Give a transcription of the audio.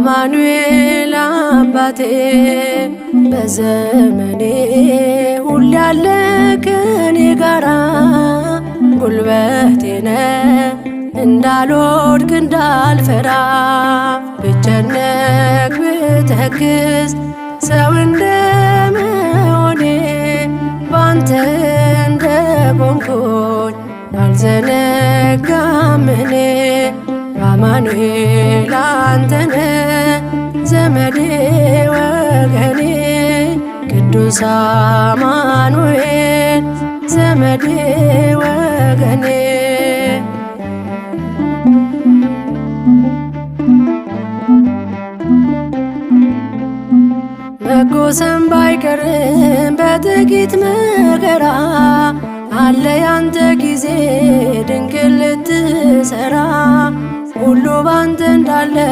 አማኑኤል አባቴ በዘመኔ ሁሌ አለ ከኔ ጋራ ጉልበቴ ነህ እንዳልወድቅ እንዳልፈራ ብጨነቅ ብተክዝ ሰው እንደመሆኔ ባንተ እንደቆምኩኝ አልዘነጋም እኔ አማኑኤል አንተ ወገኔ ወገኔ ቅዱስ አማኑኤል ዘመዴ ወገኔ መጎሰን ባይቀርም በጥቂት መከራ አለ ያንተ ጊዜ ድንቅ ልትሰራ ሁሉ ባንተ እንዳለ